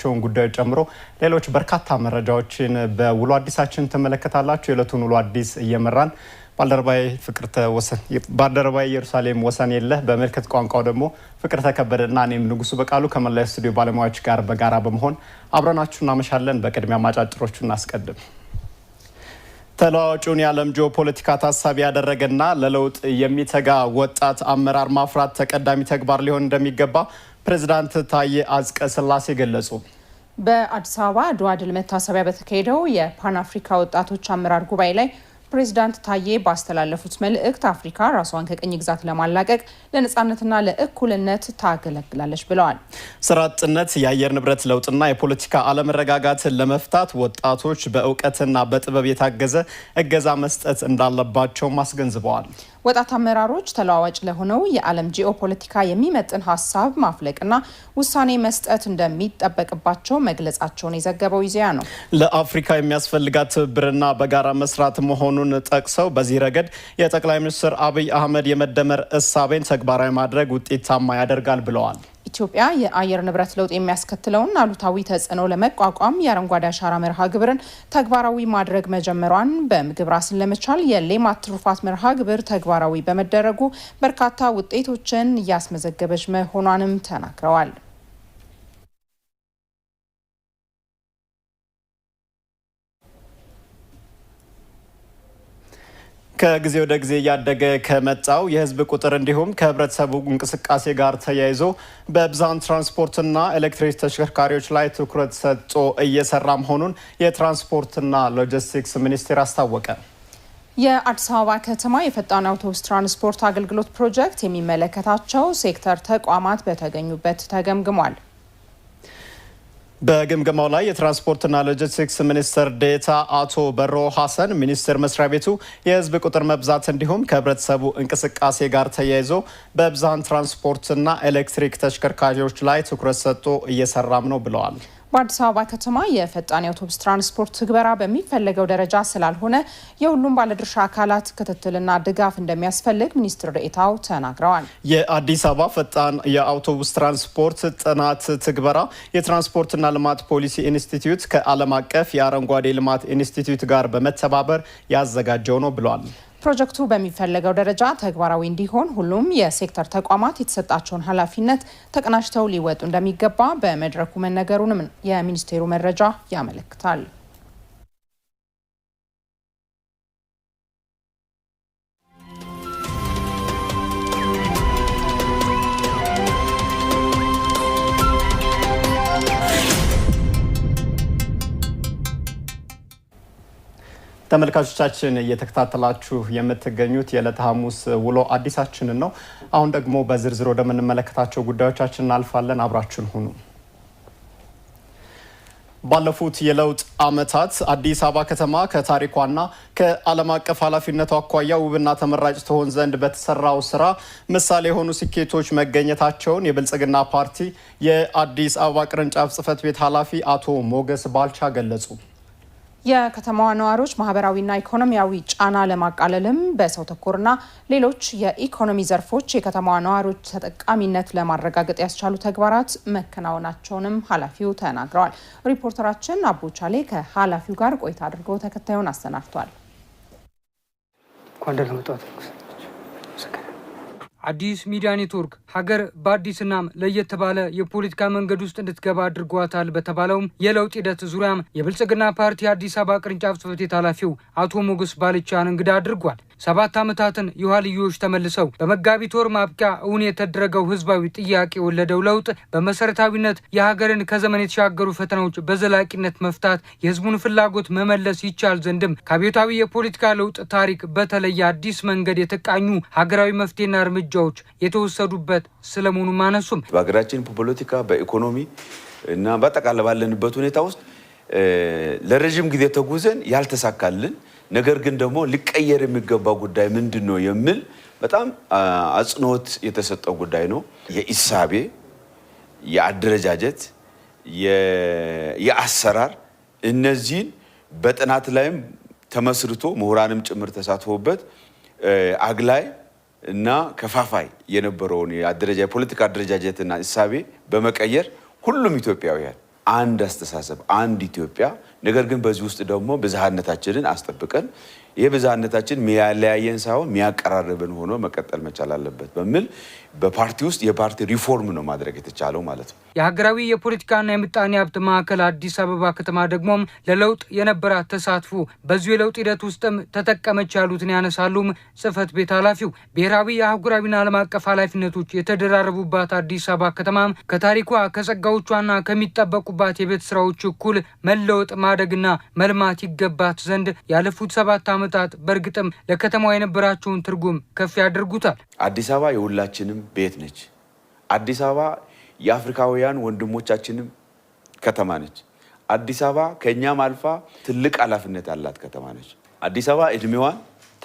ቸውን ጉዳዮች ጨምሮ ሌሎች በርካታ መረጃዎችን በውሎ አዲሳችን ትመለከታላችሁ። የዕለቱን ውሎ አዲስ እየመራን ባልደረባዬ ፍቅርተ ወሰን ባልደረባዬ ኢየሩሳሌም ወሰን የለ በምልክት ቋንቋው ደግሞ ፍቅርተ እና እኔም ንጉሱ በቃሉ ከመላው ስቱዲዮ ባለሙያዎች ጋር በጋራ በመሆን አብረናችሁ እናመሻለን። በቅድሚያ ማጫጭሮቹ እናስቀድም። ተለዋዋጩን የዓለም ጂኦፖለቲካ ታሳቢ ያደረገና ለለውጥ የሚተጋ ወጣት አመራር ማፍራት ተቀዳሚ ተግባር ሊሆን እንደሚገባ ፕሬዝዳንት ታዬ አጽቀ ሥላሴ ገለጹ። በአዲስ አበባ አድዋ ድል መታሰቢያ በተካሄደው የፓን አፍሪካ ወጣቶች አመራር ጉባኤ ላይ ፕሬዚዳንት ታዬ ባስተላለፉት መልእክት አፍሪካ ራሷን ከቅኝ ግዛት ለማላቀቅ ለነፃነትና ለእኩልነት ታገለግላለች ብለዋል። ስራ አጥነት፣ የአየር ንብረት ለውጥና የፖለቲካ አለመረጋጋትን ለመፍታት ወጣቶች በእውቀትና በጥበብ የታገዘ እገዛ መስጠት እንዳለባቸውም አስገንዝበዋል። ወጣት አመራሮች ተለዋዋጭ ለሆነው የዓለም ጂኦፖለቲካ የሚመጥን ሀሳብ ማፍለቅና ውሳኔ መስጠት እንደሚጠበቅባቸው መግለጻቸውን የዘገበው ኢዜአ ነው። ለአፍሪካ የሚያስፈልጋት ትብብርና በጋራ መስራት መሆኑን ጠቅሰው በዚህ ረገድ የጠቅላይ ሚኒስትር አብይ አህመድ የመደመር እሳቤን ተግባራዊ ማድረግ ውጤታማ ያደርጋል ብለዋል። ኢትዮጵያ የአየር ንብረት ለውጥ የሚያስከትለውን አሉታዊ ተጽዕኖ ለመቋቋም የአረንጓዴ አሻራ መርሃ ግብርን ተግባራዊ ማድረግ መጀመሯን በምግብ ራስን ለመቻል የሌማት ትሩፋት መርሃ ግብር ተግባራዊ በመደረጉ በርካታ ውጤቶችን እያስመዘገበች መሆኗንም ተናግረዋል። ከጊዜ ወደ ጊዜ እያደገ ከመጣው የህዝብ ቁጥር እንዲሁም ከህብረተሰቡ እንቅስቃሴ ጋር ተያይዞ በብዛን ትራንስፖርትና ኤሌክትሪክ ተሽከርካሪዎች ላይ ትኩረት ሰጥቶ እየሰራ መሆኑን የትራንስፖርትና ሎጂስቲክስ ሚኒስቴር አስታወቀ። የአዲስ አበባ ከተማ የፈጣን አውቶቡስ ትራንስፖርት አገልግሎት ፕሮጀክት የሚመለከታቸው ሴክተር ተቋማት በተገኙበት ተገምግሟል። በግምገማው ላይ የትራንስፖርትና ሎጂስቲክስ ሚኒስትር ዴታ አቶ በሮ ሀሰን ሚኒስቴር መስሪያ ቤቱ የህዝብ ቁጥር መብዛት እንዲሁም ከህብረተሰቡ እንቅስቃሴ ጋር ተያይዞ በብዝሃን ትራንስፖርትና ኤሌክትሪክ ተሽከርካሪዎች ላይ ትኩረት ሰጥቶ እየሰራም ነው ብለዋል። በአዲስ አበባ ከተማ የፈጣን የአውቶቡስ ትራንስፖርት ትግበራ በሚፈለገው ደረጃ ስላልሆነ የሁሉም ባለድርሻ አካላት ክትትልና ድጋፍ እንደሚያስፈልግ ሚኒስትር ዴኤታው ተናግረዋል። የአዲስ አበባ ፈጣን የአውቶቡስ ትራንስፖርት ጥናት ትግበራ የትራንስፖርትና ልማት ፖሊሲ ኢንስቲትዩት ከዓለም አቀፍ የአረንጓዴ ልማት ኢንስቲትዩት ጋር በመተባበር ያዘጋጀው ነው ብሏል። ፕሮጀክቱ በሚፈለገው ደረጃ ተግባራዊ እንዲሆን ሁሉም የሴክተር ተቋማት የተሰጣቸውን ኃላፊነት ተቀናጅተው ሊወጡ እንደሚገባ በመድረኩ መነገሩንም የሚኒስቴሩ መረጃ ያመለክታል። ተመልካቾቻችን እየተከታተላችሁ የምትገኙት የዕለተ ሐሙስ ውሎ አዲሳችንን ነው። አሁን ደግሞ በዝርዝር ወደምንመለከታቸው ጉዳዮቻችን እናልፋለን። አብራችን ሁኑ። ባለፉት የለውጥ ዓመታት አዲስ አበባ ከተማ ከታሪኳና ከዓለም አቀፍ ኃላፊነቷ አኳያ ውብና ተመራጭ ትሆን ዘንድ በተሰራው ስራ ምሳሌ የሆኑ ስኬቶች መገኘታቸውን የብልጽግና ፓርቲ የአዲስ አበባ ቅርንጫፍ ጽህፈት ቤት ኃላፊ አቶ ሞገስ ባልቻ ገለጹ። የከተማዋ ነዋሪዎች ማህበራዊና ኢኮኖሚያዊ ጫና ለማቃለልም በሰው ተኮርና ሌሎች የኢኮኖሚ ዘርፎች የከተማዋ ነዋሪዎች ተጠቃሚነት ለማረጋገጥ ያስቻሉ ተግባራት መከናወናቸውንም ኃላፊው ተናግረዋል። ሪፖርተራችን አቦቻሌ ከኃላፊው ጋር ቆይታ አድርገው ተከታዩን አሰናድቷል። አዲስ ሚዲያ ኔትወርክ ሀገር በአዲስ ለየት ባለ የፖለቲካ መንገድ ውስጥ እንድትገባ አድርጓታል በተባለውም የለውጥ ሂደት ዙሪያም የብልጽግና ፓርቲ አዲስ አበባ ቅርንጫፍ ጽሕፈት ቤት ኃላፊው አቶ ሞገስ ባልቻን እንግዳ አድርጓል። ሰባት ዓመታትን ልዩዎች ተመልሰው በመጋቢት ወር ማብቂያ እውን የተደረገው ህዝባዊ ጥያቄ የወለደው ለውጥ በመሰረታዊነት የሀገርን ከዘመን የተሻገሩ ፈተናዎች በዘላቂነት መፍታት፣ የህዝቡን ፍላጎት መመለስ ይቻል ዘንድም ከአብዮታዊ የፖለቲካ ለውጥ ታሪክ በተለየ አዲስ መንገድ የተቃኙ ሀገራዊ መፍትሄና እርምጃዎች የተወሰዱበት ስለመሆኑም አነሱም። በሀገራችን ፖለቲካ፣ በኢኮኖሚ እና በአጠቃላይ ባለንበት ሁኔታ ውስጥ ለረዥም ጊዜ ተጉዘን ያልተሳካልን ነገር ግን ደግሞ ሊቀየር የሚገባ ጉዳይ ምንድን ነው የሚል በጣም አጽንኦት የተሰጠው ጉዳይ ነው። የኢሳቤ የአደረጃጀት፣ የአሰራር እነዚህን በጥናት ላይም ተመስርቶ ምሁራንም ጭምር ተሳትፎበት አግላይ እና ከፋፋይ የነበረውን የፖለቲካ አደረጃጀትና እሳቤ በመቀየር ሁሉም ኢትዮጵያውያን አንድ አስተሳሰብ፣ አንድ ኢትዮጵያ ነገር ግን በዚህ ውስጥ ደግሞ ብዝሃነታችንን አስጠብቀን የብዛነታችን የሚያለያየን ሳይሆን የሚያቀራርብን ሆኖ መቀጠል መቻል አለበት በሚል በፓርቲ ውስጥ የፓርቲ ሪፎርም ነው ማድረግ የተቻለው ማለት ነው። የሀገራዊ የፖለቲካና የምጣኔ ሀብት ማዕከል አዲስ አበባ ከተማ ደግሞም ለለውጥ የነበራት ተሳትፎ በዚሁ የለውጥ ሂደት ውስጥም ተጠቀመች ያሉትን ያነሳሉም ጽህፈት ቤት ኃላፊው። ብሔራዊ የአህጉራዊና ዓለም አቀፍ ኃላፊነቶች የተደራረቡባት አዲስ አበባ ከተማ ከታሪኳ ከጸጋዎቿና ከሚጠበቁባት የቤት ስራዎች እኩል መለወጥ ማደግና መልማት ይገባት ዘንድ ያለፉት ሰባት ዓመት ዓመታት በእርግጥም ለከተማዋ የነበራቸውን ትርጉም ከፍ ያደርጉታል። አዲስ አበባ የሁላችንም ቤት ነች። አዲስ አበባ የአፍሪካውያን ወንድሞቻችንም ከተማ ነች። አዲስ አበባ ከእኛም አልፋ ትልቅ ኃላፊነት ያላት ከተማ ነች። አዲስ አበባ እድሜዋን፣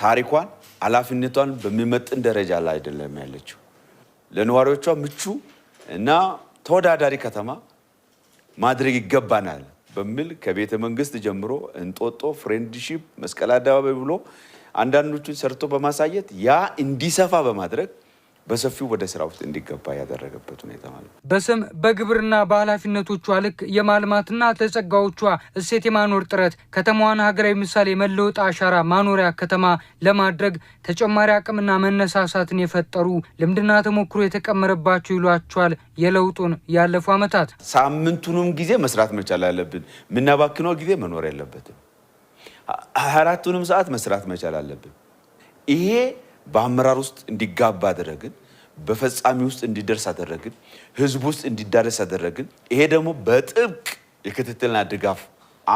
ታሪኳን፣ ኃላፊነቷን በሚመጥን ደረጃ ላይ አይደለም ያለችው። ለነዋሪዎቿ ምቹ እና ተወዳዳሪ ከተማ ማድረግ ይገባናል። በሚል ከቤተ መንግስት ጀምሮ እንጦጦ፣ ፍሬንድሺፕ፣ መስቀል አደባባይ ብሎ አንዳንዶቹን ሰርቶ በማሳየት ያ እንዲሰፋ በማድረግ በሰፊው ወደ ስራ ውስጥ እንዲገባ ያደረገበት ሁኔታ ማለት ነው። በስም በግብርና በኃላፊነቶቿ ልክ የማልማትና ተጸጋዎቿ እሴት የማኖር ጥረት ከተማዋን ሀገራዊ ምሳሌ መለወጥ አሻራ ማኖሪያ ከተማ ለማድረግ ተጨማሪ አቅምና መነሳሳትን የፈጠሩ ልምድና ተሞክሮ የተቀመረባቸው ይሏቸዋል። የለውጡን ያለፉ ዓመታት ሳምንቱንም ጊዜ መስራት መቻል አለብን። የምናባክነው ጊዜ መኖር የለበትም። አራቱንም ሰዓት መስራት መቻል አለብን። ይሄ በአመራር ውስጥ እንዲጋባ አደረግን። በፈጻሚ ውስጥ እንዲደርስ አደረግን። ህዝብ ውስጥ እንዲዳረስ አደረግን። ይሄ ደግሞ በጥብቅ የክትትልና ድጋፍ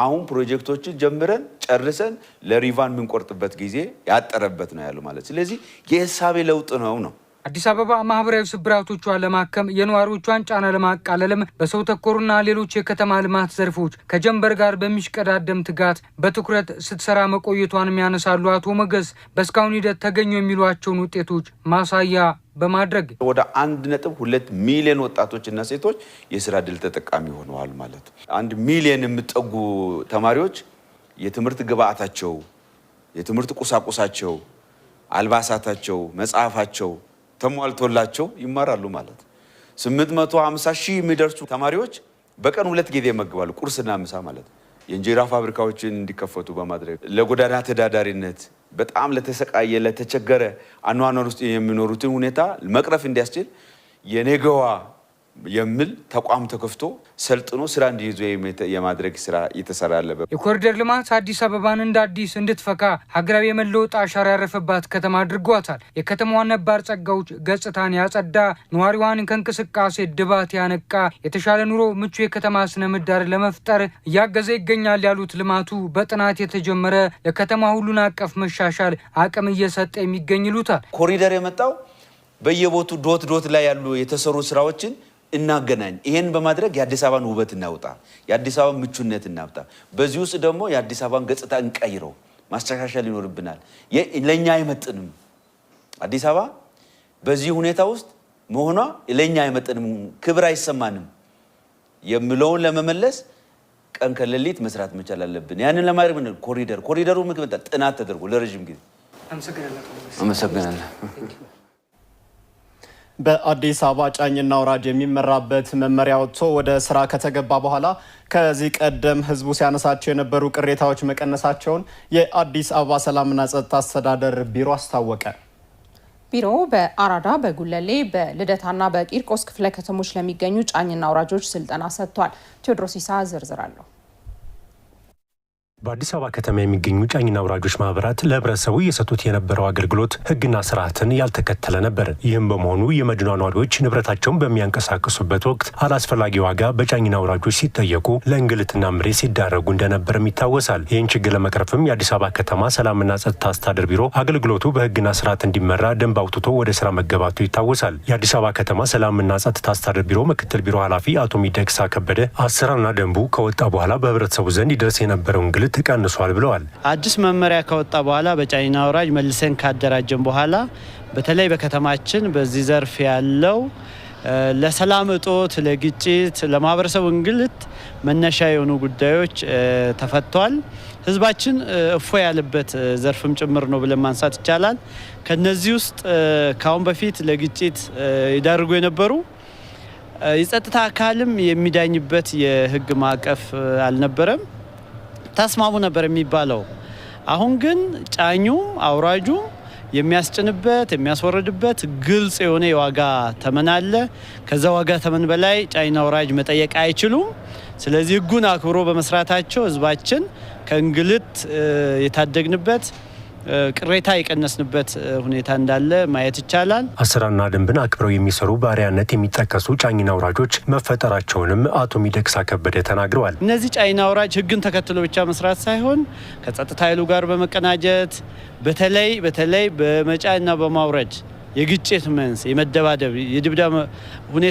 አሁን ፕሮጀክቶችን ጀምረን ጨርሰን ለሪቫን የምንቆርጥበት ጊዜ ያጠረበት ነው ያሉ ማለት ስለዚህ የእሳቤ ለውጥ ነው ነው አዲስ አበባ ማህበራዊ ስብራቶቿን ለማከም የነዋሪዎቿን ጫና ለማቃለልም በሰው ተኮርና ሌሎች የከተማ ልማት ዘርፎች ከጀንበር ጋር በሚሽቀዳደም ትጋት በትኩረት ስትሰራ መቆየቷን የሚያነሳሉ አቶ መገስ በእስካሁን ሂደት ተገኙ የሚሏቸውን ውጤቶች ማሳያ በማድረግ ወደ አንድ ነጥብ ሁለት ሚሊዮን ወጣቶችና ሴቶች የስራ እድል ተጠቃሚ ሆነዋል ማለት ነው። አንድ ሚሊዮን የሚጠጉ ተማሪዎች የትምህርት ግብአታቸው፣ የትምህርት ቁሳቁሳቸው፣ አልባሳታቸው፣ መጽሐፋቸው ተሟልቶላቸው ይማራሉ ማለት ነው። 850 ሺህ የሚደርሱ ተማሪዎች በቀን ሁለት ጊዜ ይመግባሉ፣ ቁርስና ምሳ ማለት ነው። የእንጀራ ፋብሪካዎችን እንዲከፈቱ በማድረግ ለጎዳና ተዳዳሪነት በጣም ለተሰቃየ ለተቸገረ አኗኗር ውስጥ የሚኖሩትን ሁኔታ መቅረፍ እንዲያስችል የኔገዋ የሚል ተቋም ተከፍቶ ሰልጥኖ ስራ እንዲይዙ የማድረግ ስራ እየተሰራ ያለበት የኮሪደር ልማት አዲስ አበባን እንደ አዲስ እንድትፈካ ሀገራዊ የመለወጥ አሻራ ያረፈባት ከተማ አድርጓታል። የከተማዋ ነባር ጸጋዎች ገጽታን ያጸዳ፣ ነዋሪዋን ከእንቅስቃሴ ድባት ያነቃ፣ የተሻለ ኑሮ ምቹ የከተማ ስነ ምህዳር ለመፍጠር እያገዘ ይገኛል ያሉት ልማቱ በጥናት የተጀመረ ለከተማ ሁሉን አቀፍ መሻሻል አቅም እየሰጠ የሚገኝ ይሉታል። ኮሪደር የመጣው በየቦቱ ዶት ዶት ላይ ያሉ የተሰሩ ስራዎችን እናገናኝ። ይሄን በማድረግ የአዲስ አበባን ውበት እናውጣ፣ የአዲስ አበባን ምቹነት እናውጣ። በዚህ ውስጥ ደግሞ የአዲስ አበባን ገጽታ እንቀይረው። ማስተካከል ይኖርብናል። ለእኛ አይመጥንም። አዲስ አበባ በዚህ ሁኔታ ውስጥ መሆኗ ለእኛ አይመጥንም፣ ክብር አይሰማንም የምለውን ለመመለስ ቀን ከሌሊት መስራት መቻል አለብን። ያንን ለማድረግ ምን ኮሪደር ኮሪደሩ ምክመጣ ጥናት ተደርጎ ለረዥም ጊዜ አመሰግናለሁ። በአዲስ አበባ ጫኝና አውራጅ የሚመራበት መመሪያ ወጥቶ ወደ ስራ ከተገባ በኋላ ከዚህ ቀደም ህዝቡ ሲያነሳቸው የነበሩ ቅሬታዎች መቀነሳቸውን የአዲስ አበባ ሰላምና ጸጥታ አስተዳደር ቢሮ አስታወቀ። ቢሮ በአራዳ፣ በጉለሌ፣ በልደታና በቂርቆስ ክፍለ ከተሞች ለሚገኙ ጫኝና አውራጆች ስልጠና ሰጥቷል። ቴዎድሮስ ይሳ ዝርዝር አለሁ በአዲስ አበባ ከተማ የሚገኙ ጫኝና አውራጆች ማህበራት ለህብረተሰቡ እየሰጡት የነበረው አገልግሎት ህግና ስርዓትን ያልተከተለ ነበር። ይህም በመሆኑ የመዲኗ ነዋሪዎች ንብረታቸውን በሚያንቀሳቅሱበት ወቅት አላስፈላጊ ዋጋ በጫኝና አውራጆች ሲጠየቁ ለእንግልትና ምሬት ሲዳረጉ እንደነበርም ይታወሳል። ይህን ችግር ለመቅረፍም የአዲስ አበባ ከተማ ሰላምና ጸጥታ አስተዳደር ቢሮ አገልግሎቱ በህግና ስርዓት እንዲመራ ደንብ አውጥቶ ወደ ስራ መገባቱ ይታወሳል። የአዲስ አበባ ከተማ ሰላምና ጸጥታ አስተዳደር ቢሮ ምክትል ቢሮ ኃላፊ አቶ ሚደግሳ ከበደ አሰራርና ደንቡ ከወጣ በኋላ በህብረተሰቡ ዘንድ ይደርስ የነበረው እንግልት ተቀንሷል ብለዋል። አዲስ መመሪያ ከወጣ በኋላ በጫኝና ወራጅ መልሰን ካደራጀን በኋላ በተለይ በከተማችን በዚህ ዘርፍ ያለው ለሰላም እጦት፣ ለግጭት፣ ለማህበረሰቡ እንግልት መነሻ የሆኑ ጉዳዮች ተፈቷል። ህዝባችን እፎ ያለበት ዘርፍም ጭምር ነው ብለን ማንሳት ይቻላል። ከነዚህ ውስጥ ከአሁን በፊት ለግጭት ይዳርጉ የነበሩ የጸጥታ አካልም የሚዳኝበት የህግ ማዕቀፍ አልነበረም። ተስማሙ ነበር የሚባለው። አሁን ግን ጫኙም አውራጁም የሚያስጭንበት የሚያስወርድበት ግልጽ የሆነ የዋጋ ተመን አለ። ከዛ ዋጋ ተመን በላይ ጫኝና አውራጅ መጠየቅ አይችሉም። ስለዚህ ሕጉን አክብሮ በመስራታቸው ሕዝባችን ከእንግልት የታደግንበት ቅሬታ የቀነስንበት ሁኔታ እንዳለ ማየት ይቻላል። አስራና ደንብን አክብረው የሚሰሩ ባሪያነት የሚጠቀሱ ጫኝና አውራጆች መፈጠራቸውንም አቶ ሚደቅሳ ከበደ ተናግረዋል። እነዚህ ጫኝና አውራጅ ህግን ተከትሎ ብቻ መስራት ሳይሆን ከጸጥታ ኃይሉ ጋር በመቀናጀት በተለይ በተለይ በመጫንና በማውረድ የግጭት መንስ የመደባደብ የድብዳ ሁኔታ